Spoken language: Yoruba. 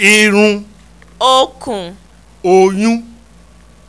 irun. Okun, Oyun.